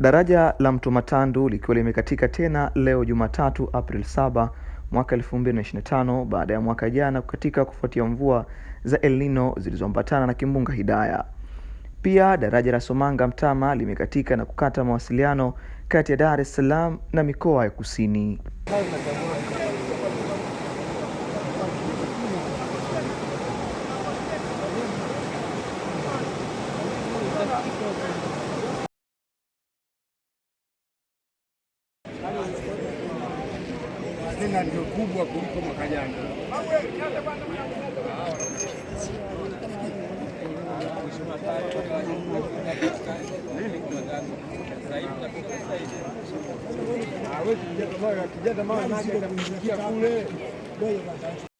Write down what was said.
Daraja la Mto Matandu likiwa limekatika tena leo Jumatatu April 7 mwaka 2025 baada ya mwaka jana kukatika kufuatia mvua za El Nino zilizoambatana na kimbunga Hidaya. Pia daraja la Somanga Mtama limekatika na kukata mawasiliano kati ya Dar es Salaam na mikoa ya Kusini. tena ndio kubwa kuliko mwaka jana. Hawezi kijana mama anaje kule.